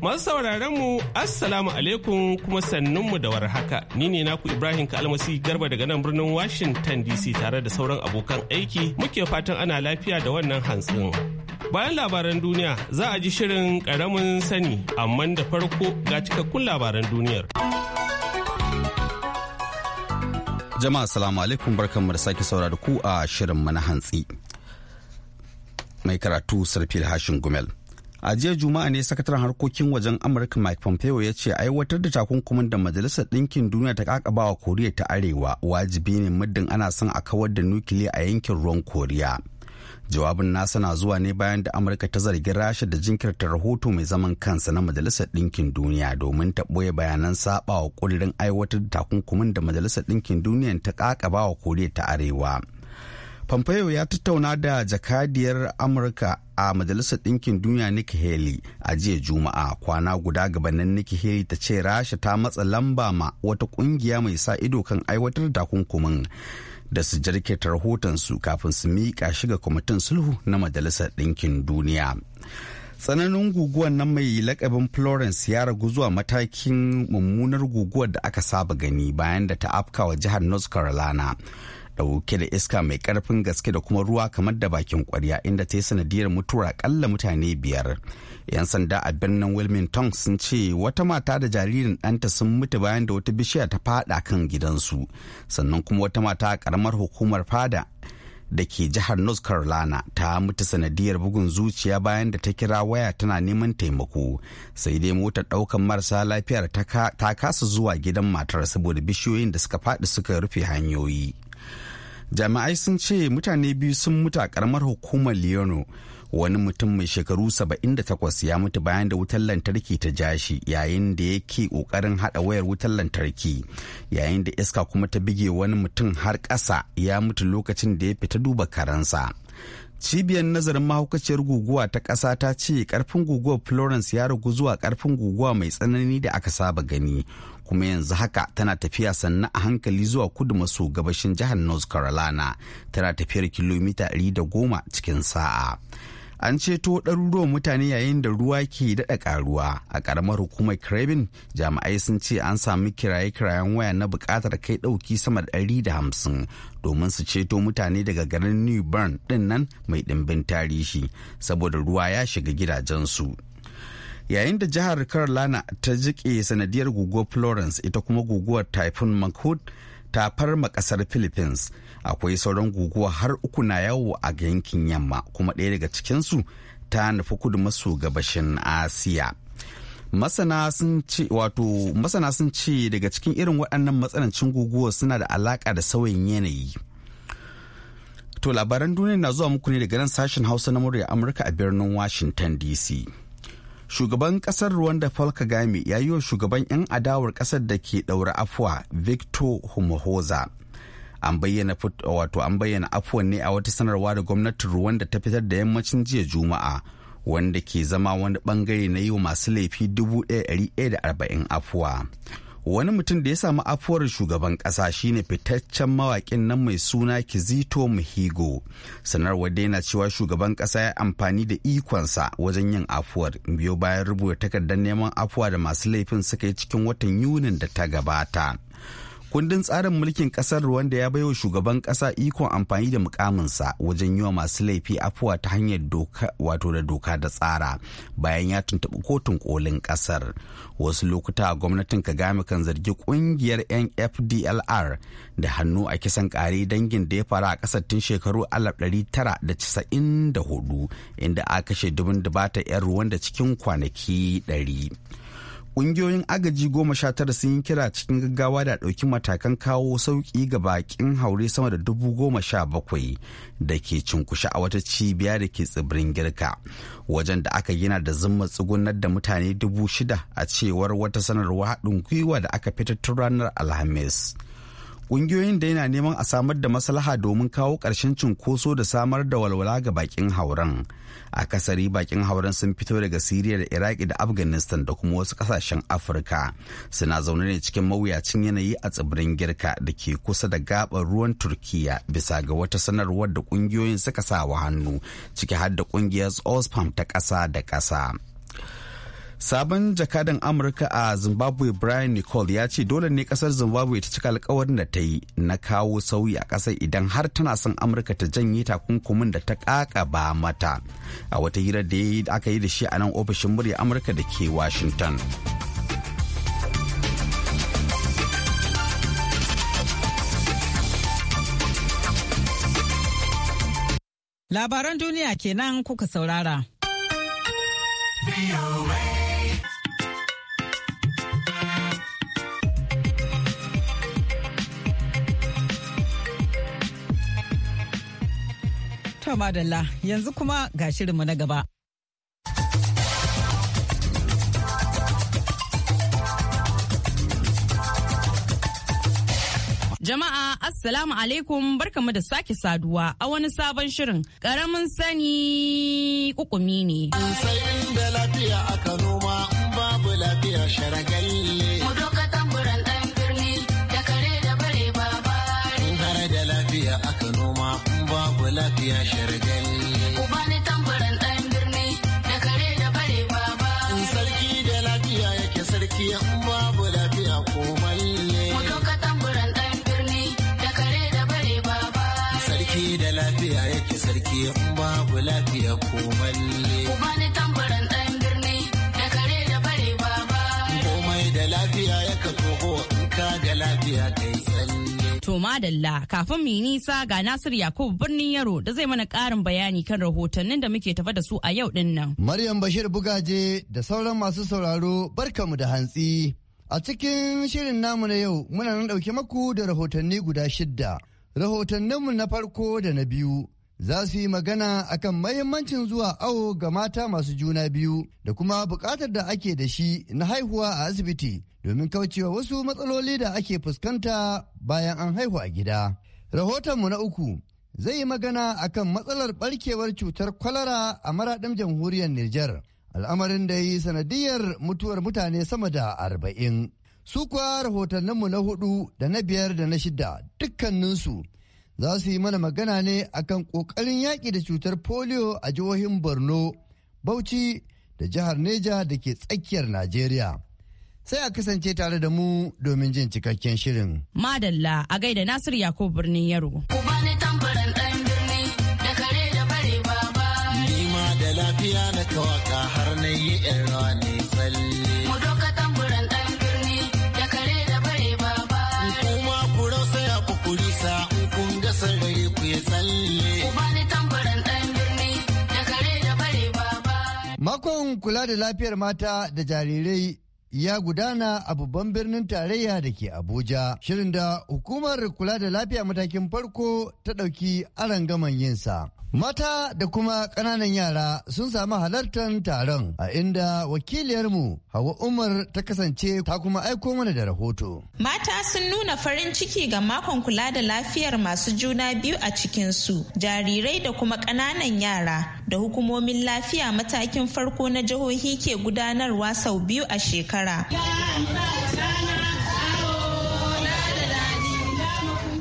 Masu sauraron mu Assalamu alaikum kuma sannun mu da warhaka. Ni ne naku Ibrahim Kalmasi Garba daga nan birnin Washington DC tare da sauran abokan aiki muke fatan ana lafiya da wannan hantsin. Bayan labaran duniya za a ji shirin karamin sani amma da farko ga cikakkun labaran duniyar. Jama'a salamu alaikum barkanmu da sake saurara ku a shirin mana hantsi. Mai karatu Sarfil Hashin Gumel. a jiya juma'a ne sakataren harkokin wajen amurka mike pompeo ya ce aiwatar da takunkumin da majalisar ɗinkin duniya ta kakabawa koriya ta arewa wajibi ne muddin ana son a kawar da nukiliya a yankin ruwan koriya jawabin nasa na zuwa ne bayan da amurka ta zargi rasha da jinkirta rahoto mai zaman kansa na majalisar ɗinkin duniya domin ta ɓoye bayanan saɓawa ƙudurin aiwatar da takunkumin da majalisar ɗinkin duniya ta kakabawa koriya ta arewa Pompeo ya tattauna da jakadiyar Amurka a Majalisar Ɗinkin Duniya Nikki Haley a jiya Juma'a kwana guda gabanin Nikki Haley ta ce Rasha ta matsa lamba ma wata ƙungiya mai sa ido kan aiwatar da takunkumin da su jirkita rahotonsu kafin su miƙa shiga kwamitin sulhu na Majalisar Ɗinkin Duniya. tsananin guguwar na mai lakabin florence ya ragu zuwa matakin mummunar guguwar da aka saba gani bayan da ta afka wa jihar north carolina dauke da iska mai karfin gaske da kuma ruwa kamar da bakin kwarya inda ta yi sanadiyar mutuwar akalla mutane biyar yan sanda a birnin wilmington sun ce wata mata da jaririn ɗanta sun mutu bayan da wata bishiya ta fada kan gidansu sannan kuma wata mata a karamar hukumar fada da ke jihar north carolina ta mutu sanadiyar bugun zuciya bayan da ta kira waya tana neman taimako sai dai motar daukan marasa lafiyar ta kasa zuwa gidan matar saboda bishiyoyin da suka faɗi suka rufe hanyoyi jami'ai sun ce mutane biyu sun mutu a karamar hukumar leono wani mutum mai shekaru 78 ya mutu bayan da wutar lantarki ta jashi yayin da yake kokarin hada wayar wutar lantarki yayin da iska kuma ta bige wani mutum har ƙasa ya mutu lokacin da ya fita duba karansa cibiyar nazarin mahaukaciyar guguwa ta ƙasa ta ce karfin guguwar florence ya ragu zuwa karfin guguwa mai tsanani da aka saba gani kuma yanzu haka tana tafiya sannan a hankali zuwa kudu maso gabashin jihar north carolina tana tafiyar kilomita 110 cikin sa'a an ceto ɗaruruwan mutane yayin da ruwa ke daɗa ƙaruwa a ƙaramar hukumar krabin jami'ai sun ce an sami kiraye-kirayen waya na buƙatar kai ɗauki sama da ɗari da hamsin domin su ceto mutane daga garin new bern ɗin nan mai ɗimbin tarihi saboda ruwa ya shiga gidajensu. yayin da jihar carolina ta jike sanadiyar guguwar florence ita kuma guguwar typhoon mankhut ta farma kasar philippines akwai sauran guguwa har uku na yawo a yankin yamma kuma ɗaya daga cikinsu ta nufi kudu maso gabashin asiya masana sun ce wato masana daga cikin irin waɗannan matsanancin guguwa suna da alaƙa da sauyin yanayi to labaran duniya na zuwa muku ne daga nan sashen hausa na murya amurka a birnin washington dc shugaban kasar rwanda paul kagame ya yi wa shugaban 'yan adawar kasar da ke ɗaura afuwa victor humahoza an bayyana wato an bayyana afuwan ne a wata sanarwa da gwamnatin rwanda ta fitar da yammacin jiya juma'a wanda ke zama wani bangare na yi wa masu laifi 1140 afuwa wani mutum da ya samu afuwar shugaban kasa shine fitaccen mawakin nan mai suna kizito muhigo sanarwar da yana cewa shugaban kasa ya amfani da ikonsa wajen yin afuwar biyo bayan rubuta takardar neman afuwa da masu laifin suka yi cikin watan yunin da ta gabata kundin tsarin mulkin kasar Rwanda ya baiwa shugaban kasa ikon amfani da mukaminsa wajen yi wa masu laifi afuwa ta hanyar doka wato da doka da tsara bayan ya tuntuɓi kotun kolin kasar wasu lokuta gwamnatin kagame kan zargi kungiyar nfdlr da hannu a kisan kare dangin da ya faru a kasar tun shekaru hudu inda a kashe dubin dubata 'yan ruwan da cikin kwanaki 100 Ƙungiyoyin agaji goma sha tara sun yi kira cikin gaggawa da ɗauki matakan kawo sauƙi ga bakin haure sama da dubu goma sha bakwai da ke cunkushe a wata cibiya da ke tsibirin girka wajen da aka gina da zumma tsugunar da mutane dubu shida a cewar wata sanarwa haɗin gwiwa da aka fitar tun ranar alhamis. Ƙungiyoyin da yana neman a samar da maslaha domin kawo ƙarshen cunkoso da samar da walwala ga bakin hauren akasari bakin hauren sun fito daga siriya da iraki da afghanistan da kuma wasu kasashen afirka suna zaune ne cikin mawuyacin yanayi a tsibirin girka da ke kusa da gabar ruwan turkiya bisa ga wata sanarwar da kungiyoyin suka sa wa hannu ciki har da kungiyar osfam ta kasa da kasa sabon jakadan amurka a zimbabwe brian nicole ya ce dole ne kasar zimbabwe ta cika alkawarin da ta yi na kawo sauyi a kasar idan har tana son amurka ta janye takunkumin da ta ba mata a wata hira da aka yi da shi a nan ofishin murya amurka da ke washington labaran duniya kenan kuka saurara. To madalla yanzu kuma ga shirinmu na gaba. Jama'a Assalamu alaikum barkamu da sake saduwa a wani sabon shirin karamin sani kukumi ne. Sai inda lafiya aka noma babu lafiya sharaga madalla kafin mu yi nisa ga Nasir Yakubu birnin Yaro da zai mana karin bayani kan rahotannin da muke tafa da su a yau din nan. Maryam Bashir Bugaje da sauran masu sauraro barkamu da hantsi. A cikin shirin namu na yau muna nan dauke maku da rahotanni guda shidda. Rahotanninmu na farko da na biyu za su yi magana akan mahimmancin zuwa awo ga mata masu juna biyu da kuma buƙatar da ake da shi na haihuwa a asibiti domin kaucewa wasu matsaloli da ake fuskanta bayan an haihu a gida. Rahotonmu na uku zai yi magana akan matsalar ɓarkewar cutar kwalara a maraɗin jamhuriyar Nijar, al'amarin da yi sanadiyar mutuwar mutane sama da arba'in. Su kuwa rahotanninmu na hudu da na biyar da na shida dukkaninsu za su yi mana magana ne akan ƙoƙarin yaƙi da cutar polio a jihohin borno bauchi da jihar neja da ke tsakiyar najeriya sai a kasance tare da mu domin jin cikakken shirin madalla a gaida nasiru yakubu birnin yaro Makon kula da lafiyar mata da jarirai ya gudana a babban birnin tarayya da ke Abuja, shirin da hukumar kula da lafiya matakin farko ta ɗauki arangaman yinsa. Mata da kuma ƙananan yara sun sami halartar taron a inda wakiliyarmu Hawa Umar ta kasance ta kuma aiko mana da rahoto. Mata sun nuna farin ciki ga makon kula da lafiyar masu juna biyu a cikinsu, jarirai da kuma ƙananan yara da hukumomin lafiya matakin farko na jihohi ke gudanarwa sau biyu a shekara.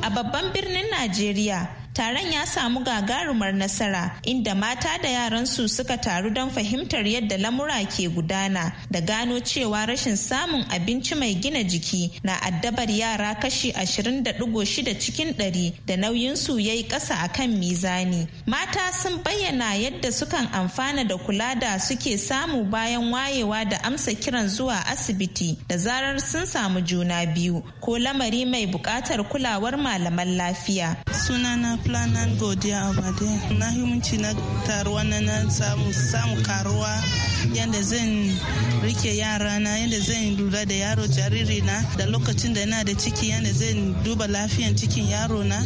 A babban birnin Najeriya taron ya samu gagarumar nasara inda mata da yaran su suka taru don fahimtar yadda lamura ke gudana da gano cewa rashin samun abinci mai gina jiki na addabar yara kashi 20.6 cikin 100 da su ya yi kasa akan mizani. Mata sun bayyana yadda sukan amfana da kula da suke samu bayan wayewa da amsa kiran zuwa asibiti da zarar sun samu juna biyu ko lamari mai bukatar kulawar malaman lafiya. planan godiya bade na himunci na taruwa na na samu karuwa yadda zan rike yara na yadda zan lura da yaro jariri na da lokacin da na da ciki yadda zan duba lafiyan cikin yaro na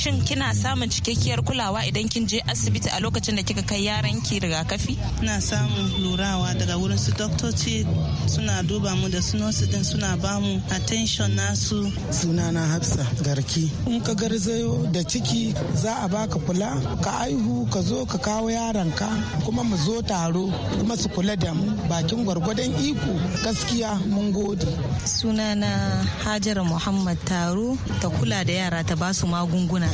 shin kina samun cikakkiyar kulawa idan kin je asibiti a lokacin da kika kai yaran ki rigakafi na samun lurawa daga wurin su doktoci suna duba mu da su nosi din suna bamu attention nasu sunana hafsa garki in ka garzayo da ciki za a baka kula ka aihu ka zo ka kawo yaranka kuma mu zo taro kuma su kula da mu bakin gwargwadon iko gaskiya mun gode sunana hajar muhammad taro ta kula da yara ta ba su magunguna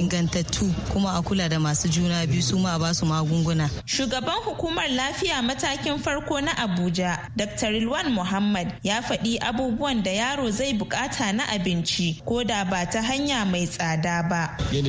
ingantattu kuma a kula da masu juna biyu su ma ba su magunguna shugaban hukumar lafiya matakin farko na abuja dr rilwan muhammad ya faɗi abubuwan da yaro zai bukata na abinci ko da ba ta hanya mai tsada ba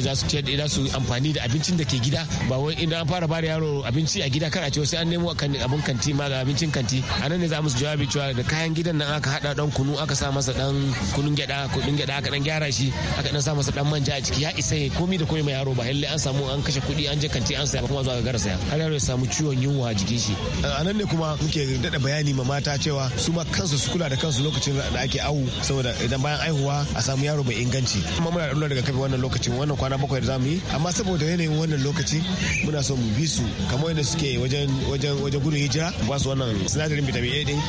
za su ciyar da su amfani da abincin da ke gida ba wai idan an fara bada yaro abinci a gida kar a ce sai an nemo abin kanti ma ga abincin kanti a nan ne za mu su jawabi cewa da kayan gidan nan aka hada dan kunu aka sa masa dan kunun gyada kunun gyada aka dan gyara shi aka dan sa masa dan manja a ciki ya isa ya komi da komai ma yaro ba lalle an samu an kashe kuɗi an je kanti an saya kuma zuwa ga garsa har yaro ya samu ciwon yunwa a jikin shi a nan ne kuma muke dada bayani ma mata cewa su ma kansu su kula da kansu lokacin da ake awu saboda idan bayan aihuwa a samu yaro mai inganci kuma muna da daga kafin wannan lokacin wannan kwana kwana bakwai da zamu yi amma saboda yanayin wannan lokaci muna so mu bi su kamar yadda suke wajen wajen wajen gudun hijira ba su wannan sinadarin vitamin A din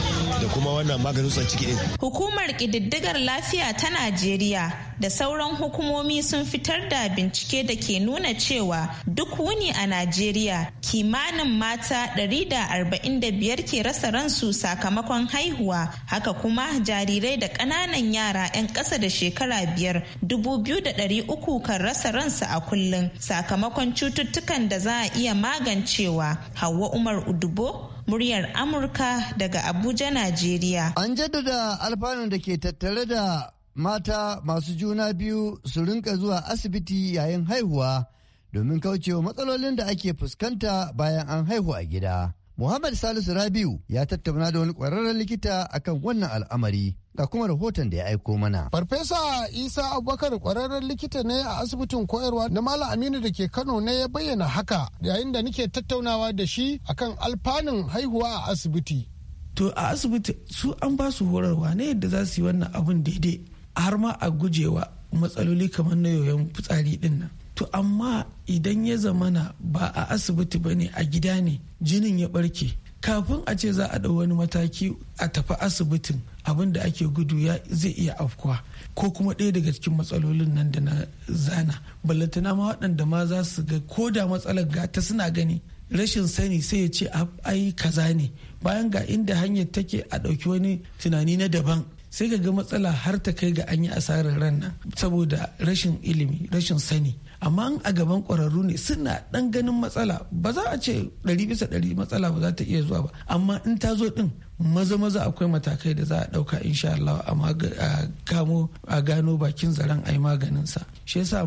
da kuma wannan maganin tsan ciki din hukumar kididdigar lafiya ta Najeriya da sauran hukumomi sun fitar da bincike da ke nuna cewa duk wuni a Najeriya kimanin mata 145 ke rasa ransu sakamakon haihuwa haka kuma jarirai da ƙananan yara 'yan ƙasa da shekara biyar 2,300 kan rasa ransa a kullum sakamakon cututtukan da za a iya magancewa hauwa umar udubo muryar amurka daga abuja najeriya an jaddada alfanun da ke tattare da mata masu juna biyu su rinka zuwa asibiti yayin haihuwa domin kaucewa matsalolin da ake fuskanta bayan an haihu a gida. Muhammad Salisu Rabiu ya tattauna da wani kwararren likita akan wannan al'amari. ga kuma rahoton da ya aiko mana. Farfesa Isa Abubakar kwararren likita ne a asibitin koyarwa na Malam Aminu da ke Kano ne ya bayyana haka yayin da nike tattaunawa da shi akan alfanun haihuwa a asibiti. To a asibiti su an ba su horarwa ne yadda za su yi wannan abun daidai har ma a gujewa matsaloli kamar na yoyon fitsari din nan. To amma idan ya zamana ba a asibiti ba ne a gida ne jinin ya barke kafin a ce za a ɗau wani mataki a tafi asibitin abin da ake gudu ya zai iya afkuwa ko kuma ɗaya daga cikin matsalolin nan da na zana ballantana ma waɗanda ma za su ga ko da matsalar ga ta suna gani rashin sani sai ya ce ai kaza ne bayan ga inda hanyar take a ɗauki wani tunani na daban sai ga matsala har ta kai ga an yi asarar ran nan saboda rashin ilimi rashin sani amma a gaban kwararru ne suna ɗan ganin matsala ba za a ce ɗari bisa ɗari matsala ba za ta iya zuwa ba amma in ta zo ɗin maza maza akwai matakai da za a ɗauka insha Allah a kamo a gano bakin zaren a yi maganin sa shi yasa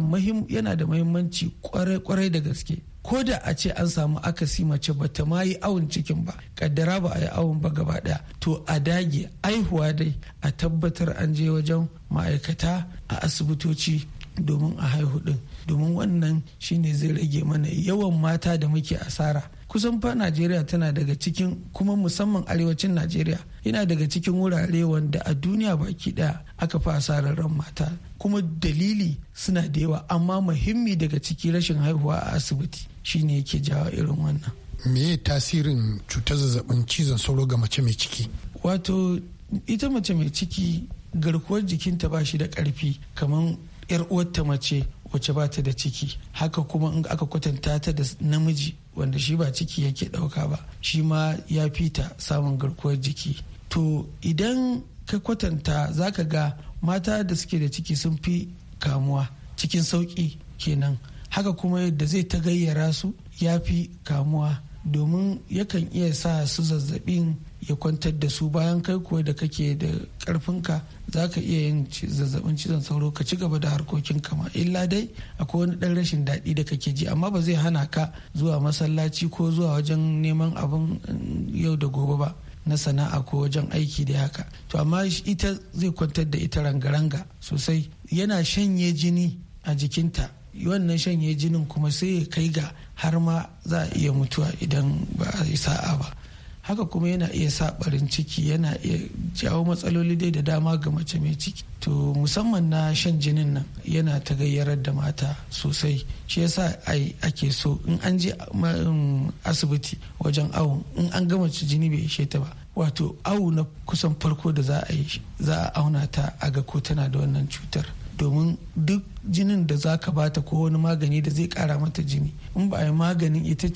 yana da mahimmanci kwarai da gaske ko da a ce an samu akasi mace ba ta ma yi awon cikin ba kaddara ba a yi awon ba gaba daya to a dage aihuwa dai a tabbatar an je wajen ma'aikata a asibitoci domin a haihu din domin wannan shine zai rage mana yawan mata da muke asara kusan fa najeriya tana daga cikin kuma musamman arewacin najeriya yana daga cikin wurare wanda a duniya baki daya aka fi asarar ran mata kuma dalili suna da yawa amma muhimmi daga ciki rashin haihuwa a asibiti shine yake jawo irin wannan me tasirin cutar zazzabin cizon sauro ga mace mai ciki wato ita mace mai ciki garkuwar jikinta ba shi da karfi kamar 'yar uwarta mace wacce ba ta da ciki haka kuma in aka kwatanta ta da namiji wanda shi ba ciki yake ɗauka ba shi ma ya fita samun garkuwar jiki to idan ka kwatanta za ka ga mata da suke da ciki sun fi kamuwa cikin sauƙi kenan haka kuma yadda zai ta gayyara su ya fi kamuwa domin yakan iya sa su zazzabin ya kwantar da su bayan kai kuwa da kake da karfinka za ka iya yin zazzabin cizon sauro ka ci gaba da harkokin kama illa dai akwai wani dan rashin daɗi da kake ji amma ba zai hana ka zuwa masallaci ko zuwa wajen neman abin mm, yau da gobe ba na sana'a ko wajen aiki da haka to amma ita zai kwantar da ita rangaranga sosai yana shanye jini a jikinta wannan shanye jinin kuma sai ya kai ga har ma za a iya mutuwa idan ba a yi sa'a ba haka kuma yana iya sa barin ciki yana iya jawo matsaloli dai da dama ga mace mai ciki to musamman na shan jinin nan yana ta gayyarar da mata sosai shi yasa ake so in an je um, asibiti wajen awon in an gama jini bai ishe ta ba wato awu na kusan farko da za a yi za a auna ta a ga ko tana da wannan cutar domin duk jinin da za ka bata ko wani magani da zai kara mata jini in ba a yi maganin ita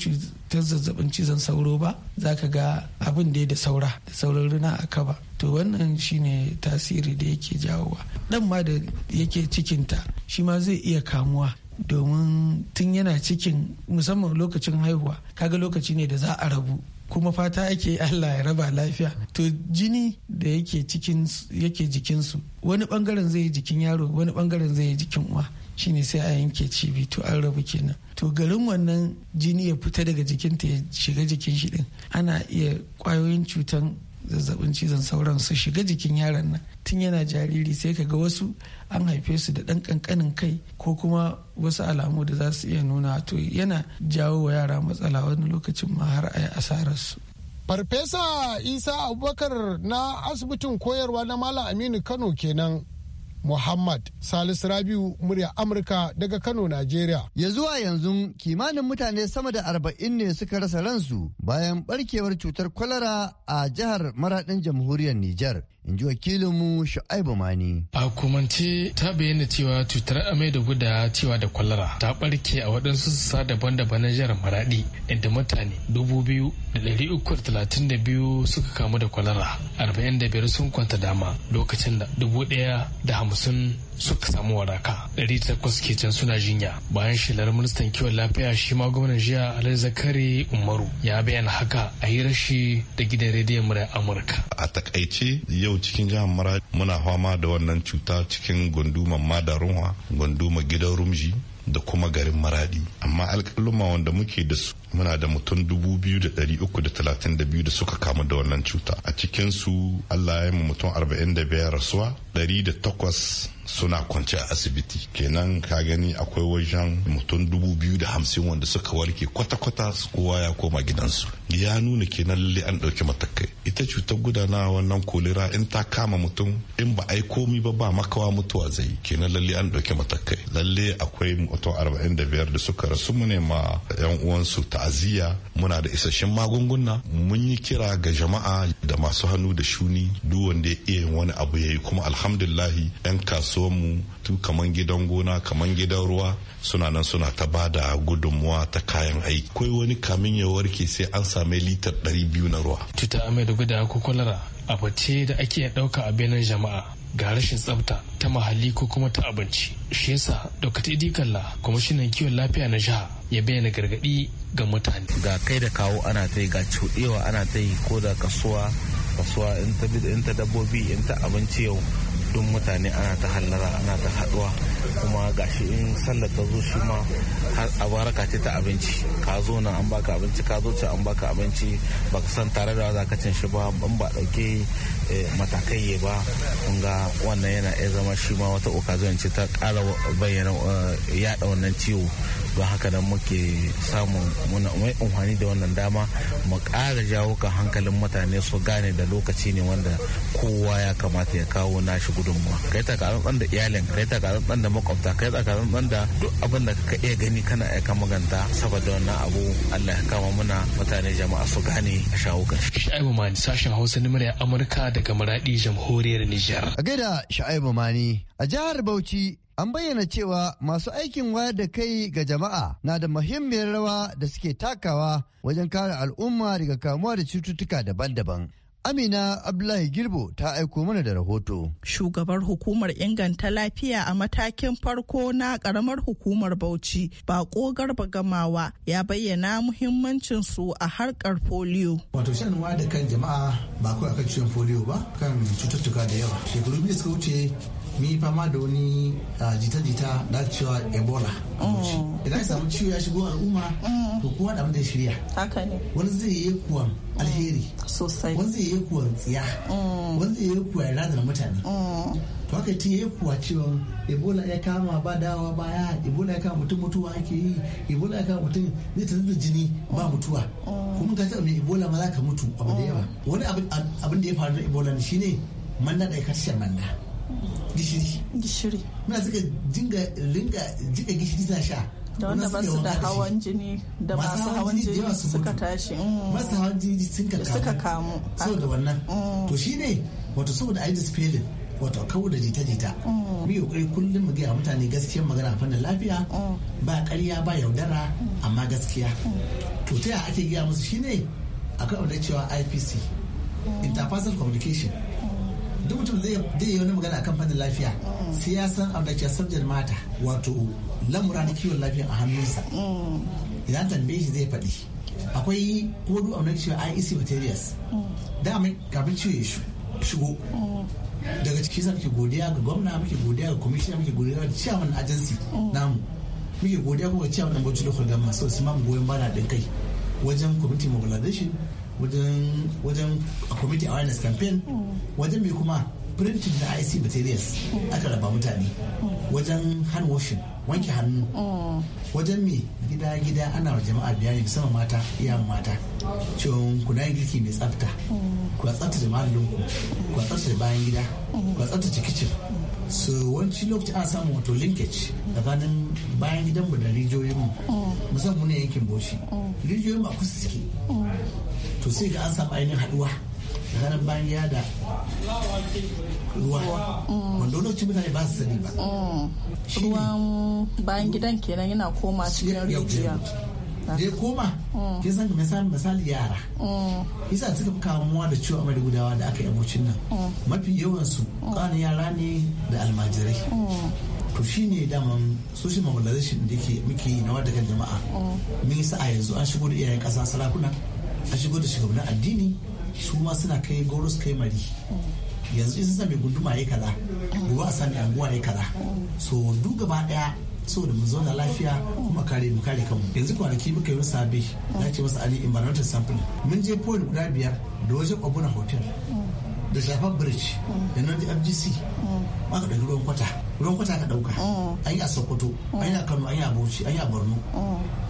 ta zazzabin cizon sauro ba za ka ga abin da ya da saura da sauran rina a kaba to wannan shine tasiri da yake jawowa dan ma da yake cikinta shi ma zai iya kamuwa domin tun yana cikin musamman lokacin haihuwa kaga lokaci ne da za a rabu kuma fata ake Allah ya raba lafiya to jini da yake cikin yake jikinsu wani bangaren zai yi jikin yaro wani bangaren zai yi jikin uwa shine sai a yanke cibi to an rabu kenan to garin wannan jini ya fita daga jikinta ya shiga jikin shi din ana iya kwayoyin cutan zazzabin cizon sauran su shiga jikin yaron nan tun yana jariri sai ka ga wasu an haife su da ɗan ƙanƙanin kai ko kuma wasu alamu da za su iya nuna to yana jawo wa yara matsala wani lokacin ma har a yi asararsu. Farfesa Isa Abubakar na asibitin koyarwa na Malam Aminu Kano kenan Muhammad Salisu Rabiu murya Amurka daga Kano, Najeriya. Ya zuwa yanzu kimanin mutane sama da arba'in ne suka rasa ransu bayan barkewar cutar kwalara a jihar maradin jamhuriyar Nijar. in ji wakilinmu shu'aibu mani. a hukumance ta bayyana cewa cutar amai da guda cewa da kwalara ta barke a waɗansu sassa daban-daban na jihar maradi inda mutane dubu biyu da ɗari uku talatin da biyu suka kamu da kwalara arba'in da biyar sun kwanta dama lokacin da dubu ɗaya da hamsin suka samu waraka ɗari takwas ke can suna jinya bayan shelar ministan kiwon lafiya shi ma gwamnan jiya alhaji zakari umaru ya bayyana haka a yi shi da gidan rediyon murai amurka a takaice yau cikin jihar mara muna fama da wannan cuta cikin gunduma madarunwa gunduma gidan rumji da kuma garin maradi amma alƙaluma wanda muke da su muna da mutum dubu biyu da dari uku da talatin da biyu da suka kamu da wannan cuta a cikinsu allah ya mu mutum arba'in da biyar rasuwa ɗari da takwas suna kwance a asibiti kenan ka gani akwai wajen mutum dubu biyu da hamsin wanda suka warke kwata-kwata kowa ya koma gidansu ya nuna kenan lalle an ɗauki matakai ita cutar gudana wannan kolera in ta kama mutum in ba a komi ba ba makawa mutuwa zai kenan lalle an ɗauki matakai lalle akwai mutum arba'in da biyar da suka rasu mu ne ma yan uwansu ta'aziyya muna da isasshen magunguna mun yi kira ga jama'a da masu hannu da shuni duk wanda ya iya wani abu ya yi kuma alhamdulillahi yan kasuwa mu tu kaman gidan gona kaman gidan ruwa suna nan suna ta ba da gudunmuwa ta kayan aiki akwai wani kamin ya warke sai an same litar biyu na ruwa cuta amai da gudawa ko kwalara abu ce da ake ɗauka a benin jama'a ga rashin tsafta ta mahalli ko kuma ta abinci shi yasa dokta idi kalla kwamishinan kiwon lafiya na jiha ya bayyana gargaɗi ga mutane ga kai da kawo ana ta yi ga cuɗewa ana ta yi ko da kasuwa kasuwa in ta in ta dabbobi in ta abinci yau duk mutane ana ta hallara ana ta haduwa kuma gashi in sallar ta zo shi ma har abaraka ta abinci ka zo na an baka abinci ka zo ce an baka abinci baka san tare da za ka cin shi ba ban ba dauke eh, matakai ya ba kun ga wannan yana iya zama shi ma wata okazion ce ta kara bayyana eh, yada wannan ciwo don haka nan muke samun mai amfani da wannan dama mu ƙara jawo ka hankalin mutane su gane da lokaci ne wanda kowa ya kamata ya kawo nashi gudunmuwa kai tsakanin da iyalin kai tsakanin da makwabta kai tsakanin da duk abin da ka iya gani kana aika maganta saboda wannan abu Allah ya kama muna mutane jama'a su gane a shawo kan Sha'ibu Mani sashen Hausa na murya Amurka daga Maradi jamhuriyar Nijar. A gaida Sha'ibu Mani a jihar Bauchi An bayyana cewa masu aikin wayar da kai ga jama'a na da muhimmiyar rawa da suke takawa wajen kare al'umma daga kamuwa da cututtuka daban-daban. Amina Abdullahi Girbo ta aiko mana da rahoto. Shugabar hukumar inganta lafiya a matakin farko na karamar hukumar Bauchi, ba Garba bagamawa ya bayyana muhimmancin su a harkar polio. Wato shan wa da kan jama'a ba kawai akan ciwon polio ba kan cututtuka da yawa. Shekaru biyu suka wuce mun fama da wani jita-jita da cewa ebola mm. idan ya samu ciwo ya shigo al'umma mm. to kowa da da shirya wani zai yi kuwan alheri mm. wani zai yi kuwan tsiya wani zai yi kuwa ya razana mutane to haka tun ya kuwa cewa ebola ya kama ba dawa baya ebola ya kama mutum mutuwa ake yi ebola ya kama mutum zai tafi da jini ba mutuwa kuma ka taɓa mai ebola ma za ka mutu abu da yawa wani abin da ya faru da ebola shine manna da ya kashe manna gishiri gishiri muna suka dinga ringa jika gishiri za sha da wanda ba su da hawan jini da ba su hawan jini suka tashi mm. masu hawan jini suka kamu saboda wannan mm. to shine wato saboda ayi dispelling wato kawo da jita-jita mm. mu yi kullum mu gaya mutane gaskiyar magana fannin lafiya ba karya ba yaudara amma gaskiya to ta ake gaya musu shine akwai wanda cewa ipc interpersonal communication duk mutum zai yi wani magana a kamfanin lafiya mm. siyasan abu da ke sabjar mata wato lamura da kiwon lafiya a hannunsa mm. idan tambaye shi zai faɗi akwai kodu abu na cewa IEC materials mm. dama kafin ciwo shigo daga ciki sa muke godiya ga gwamna muke godiya ga kwamishina muke godiya ga ciyaman agency namu muke godiya kuma ciyaman dan bauchi local government so su ma mu goyon bana din kai wajen committee mobilization wajen a committee awareness campaign wajen mai kuma printing na IC materials aka raba mutane wajen hand washing wanke hannu wajen me gida-gida ana wa jama'a bayani musamman mata iya mata cewon kuna yin girki mai tsafta ku da mahallinku ku tsaftace bayan gida ku tsaftace kicin so wanci lokaci a samu wato linkage tsakanin bayan gidanmu da rijiyoyinmu musamman ne yankin boshi rijiyoyinmu a kusa suke to sai ga an samu ainihin haduwa tsakanin bayan gida da ruwa wanda lokaci mutane ba su sani ba mm. ruwan bayan gidan kenan yana koma cikin rijiya da ya koma mm. kin san misali misali yara mm. isa suka fi kamuwa da ciwo amai da gudawa da aka yi abocin nan mm. mafi yawan su ƙananan yara ne da almajirai to shi ne daman social mobilization da ke muke yi na wadda kan jama'a mun yi sa'a yanzu an shigo da iyayen ƙasa sarakuna an shigo da shugabannin addini su ma suna kai goro kai mari yanzu isa mai gunduma ya kaza gobe a sami anguwa ya kaza so duk gaba daya da mu zauna lafiya kuma kare mu kare kanmu yanzu kwanaki muka yi wani sabe ya ce wasu ali environmental sample mun je pole guda biyar da wajen kwabuna hotel da shafan bridge da nan fgc ka ɗauki ruwan kwata ruwan kwata ka ɗauka an yi a sokoto an yi a kano an yi a bauchi an yi a borno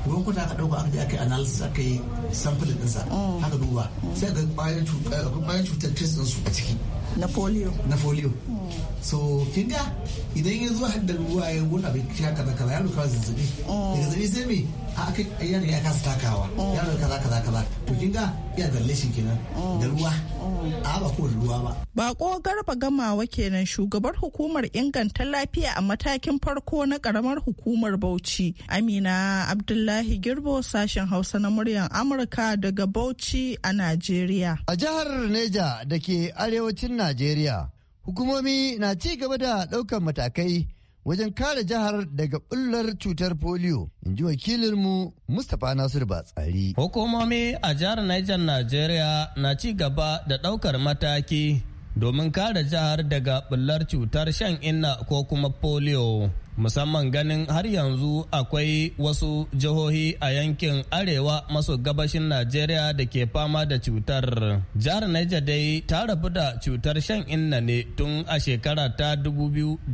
ruwan kwata ka ɗauka aka je aka yi analysis aka yi sample ɗinsa haka duba sai ga ƙwayar cutar test ɗinsu a ciki na polio na polio so kinga idan ya zo haddar ruwa ya gona bai kiya kaza kaza ya kawai zazzabi mm. daga zazzabi sai me a aka yana ya kasa takawa mm. yaro kaza kaza kaza kin ga ya zalle shi kenan oh. da ruwa oh. a ba ko ruwa ba bako garba gamawa kenan shugabar hukumar inganta lafiya a matakin farko na karamar hukumar Bauchi Amina Abdullahi Girbo sashen Hausa na muryar Amurka daga Bauchi a Najeriya a jihar Neja da ke arewacin Najeriya hukumomi na ci gaba da ɗaukar matakai wajen kare jihar daga bullar cutar polio in ji wakilinmu mustapha nasiru batsari hukumomi a jihar niger nigeria na ci gaba da daukar mataki domin kare jihar daga bullar cutar shan inna ko kuma polio musamman ganin har yanzu akwai wasu jihohi a yankin arewa maso gabashin najeriya da ke fama da cutar jihar niger dai ta rabu da cutar shan inna ne tun a shekara ta 2012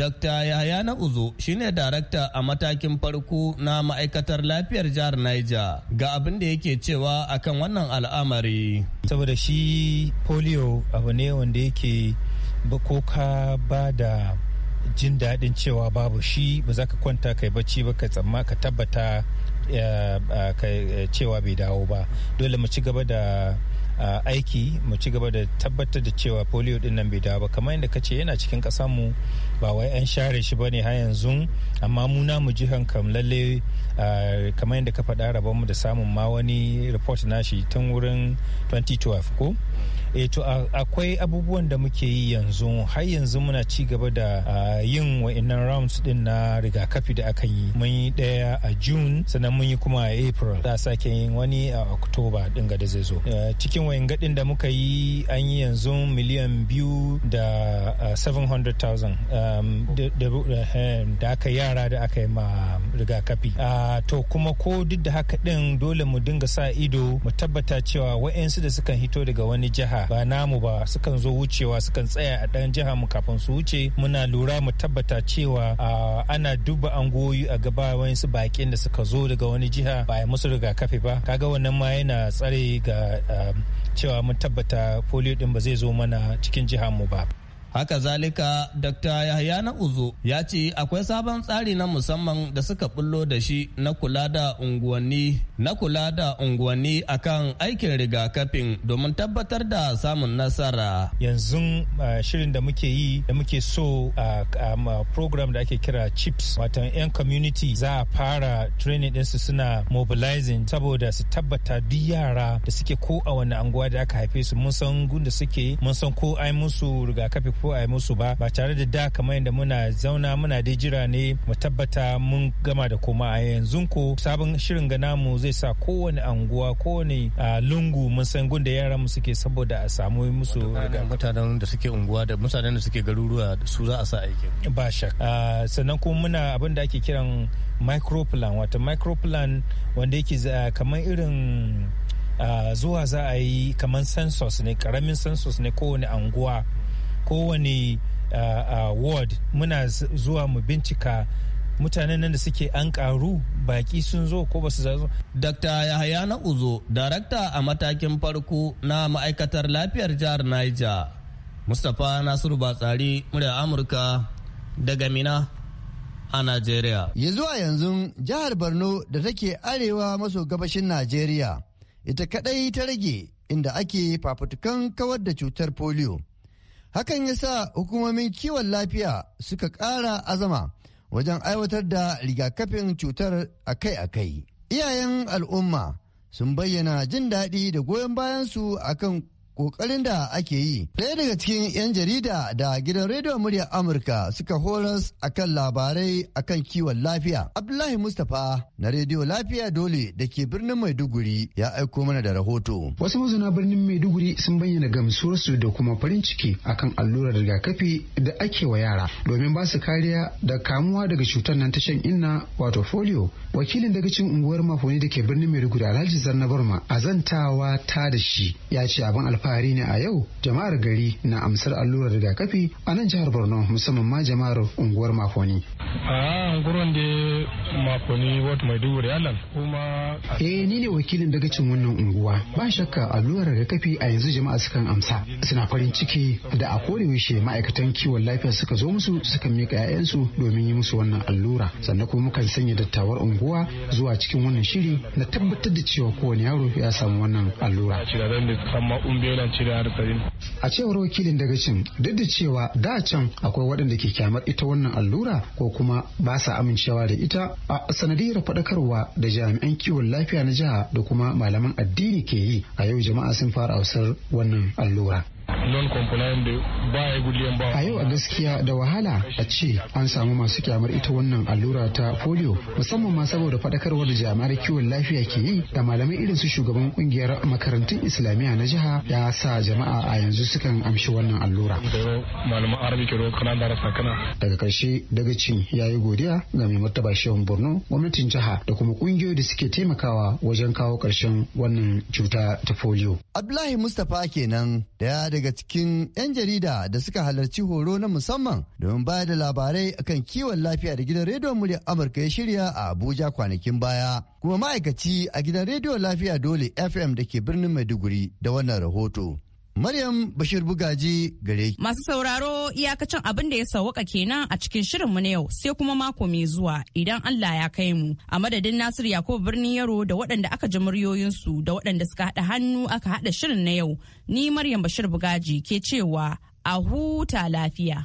dr yahaya na uzo shine darakta a matakin farko na ma'aikatar lafiyar jihar niger ga abin da yake cewa akan wannan al'amari saboda shi polio abu ne wanda yake ba ko ka ba da jin daɗin cewa babu shi ba za ka kwanta kai bacci ba ka tsamma ka tabbata eh, eh, eh, cewa bai dawo ba dole mu ci gaba da aiki mu ci gaba da tabbatar da cewa polio din nan bai dawo ba kamar yadda ka ce yana cikin mu ba wai an share shi ba ne har yanzu amma mu ji hankam lalle kamar yadda ka faɗa rabonmu mu da samun ma wani report nashi tun wurin 2012 ko eh to akwai abubuwan da muke yi yanzu har yanzu muna ci gaba da yin wa'annan rounds din na rigakafi da aka yi mun yi daya a june sannan mun yi kuma a april za sake yin wani a october din ga da zai zo eh, cikin wa'in gadin da muka yi an yi yanzu miliyan biyu da 700,000 um, um, da aka yara da aka yi ma rigakafi uh, to kuma ko duk da haka din dole mu dinga sa ido mu tabbata cewa wa'yansu da sukan hito daga wani jiha ba namu ba sukan zo wucewa sukan tsaya a ɗan jiha mu kafin su wuce muna lura mu tabbata cewa uh, ana duba angoyi a gaba wa'yansu baƙin da suka zo daga wani jiha ba a musu rigakafi ba kaga wannan ma yana tsare ga um, cewa mun tabbata polio ɗin ba zai zo mana cikin jiha mu ba. Haka zalika Dr. Yahya na Uzo ya ce akwai sabon tsari na musamman da suka bullo da shi na kula da unguwanni na kula da unguwanni akan aikin rigakafin domin tabbatar da samun nasara. Yanzu uh, shirin da muke yi da muke so a uh, um, uh, program da ake kira chips watan 'yan community za a fara training ɗinsu suna mobilizing saboda su tabbata duk yara da suke ko a wani anguwa da aka haife su mun san gun da suke mun san ko ai musu rigakafi ko a yi musu ba ba tare da da kamar yadda muna zauna muna dai jira ne mu tabbata mun gama da koma a yanzu ko sabon shirin ga namu zai sa kowane anguwa kowane lungu mun san gun da yaran mu suke saboda a samu musu mutanen da suke unguwa da mutanen da suke garuruwa su za a sa aiki ba shak sannan kuma muna abin da ake kiran microplan wato microplan wanda yake kamar irin zuwa za a yi kamar census ne karamin census ne kowane anguwa kowane uh, uh, ward muna zuwa mu bincika mutanen nan da suke an karu baki sun zo ko ba su zo. Dr. Yahaya na Uzo, darakta a matakin farko na ma'aikatar lafiyar jihar Niger. Mustapha Nasiru Batsari, murya Amurka daga Mina a Najeriya. Ya zuwa yanzu jihar Borno da take arewa maso gabashin Najeriya, ita kadai ta rage inda ake fafutukan kawar da cutar polio. Hakan ya sa hukumomin kiwon lafiya suka ƙara azama wajen aiwatar da rigakafin cutar akai-akai. Iyayen al'umma sun bayyana jin daɗi da goyon bayansu akan ƙoƙarin da ake yi. Ɗaya daga cikin 'yan jarida da gidan rediyon muryar Amurka suka horas akan labarai akan kiwon lafiya. Abdullahi Mustapha na rediyo Lafiya Dole da ke birnin Maiduguri ya aiko mana da rahoto. Wasu mazauna birnin Maiduguri sun bayyana gamsuwarsu da kuma farin ciki akan allurar rigakafi da ake wa yara domin ba su kariya da kamuwa daga cutar nan ta shan inna wato folio. Wakilin daga cikin unguwar Mafoni da ke birnin Maiduguri Alhaji Zanna Barma azantawa ta da shi ya ce abin Fari ne a yau jama'ar gari na amsar allurar rigakafi a nan jihar borno musamman ma jama'ar unguwar makoni a eh, ni ne wakilin daga cin wannan unguwa ba shakka allurar rigakafi a yanzu jama'a sukan amsa suna farin ciki da a wishe ma'aikatan kiwon lafiya suka zo musu suka miƙa 'ya'yansu domin yi musu wannan allura sannan kuma mukan sanya dattawar unguwa zuwa cikin wannan shiri na tabbatar da cewa kowane yaro ya samu wannan allura yana cire A cewar wakilin daga cin duk da cewa da can akwai waɗanda ke kyamar ita wannan allura ko kuma ba sa amincewa da ita a sanadiyar faɗakarwa da jami'an kiwon lafiya na jiha da kuma malaman addini ke yi a yau jama'a sun fara ausar wannan allura. non compliant da ba A yau a gaskiya da wahala a ce an samu masu kyamar ita wannan allura ta polio musamman ma saboda faɗakarwar da jami'ar kiwon lafiya ke yi da malamai irin su shugaban kungiyar makarantun islamiyya na jiha ya sa jama'a a yanzu sukan amshi wannan allura. Daga karshe daga cin ya yi godiya ga mai martaba shehun Borno gwamnatin jiha da kuma kungiyoyi da suke taimakawa wajen kawo ƙarshen wannan cuta ta polio. Abdullahi Mustapha kenan da ya daga cikin 'yan jarida da suka halarci horo na musamman domin bayar da labarai kan kiwon lafiya da gidan rediyon muryar Amurka ya shirya a Abuja kwanakin baya. Kuma ma'aikaci a gidan rediyon lafiya dole FM da ke birnin Maiduguri da wannan rahoto. Maryam Bashir Bugaji gare Masu sauraro iyakacin abin da ya sauwaka kenan a cikin shirin mu na yau sai kuma mako mai zuwa idan Allah ya kai mu. A madadin Nasiru Yakubu birnin Yaro da waɗanda aka ji muryoyinsu da waɗanda suka haɗa hannu aka haɗa shirin na yau. Ni Maryam Bashir Bugaji ke cewa a huta lafiya.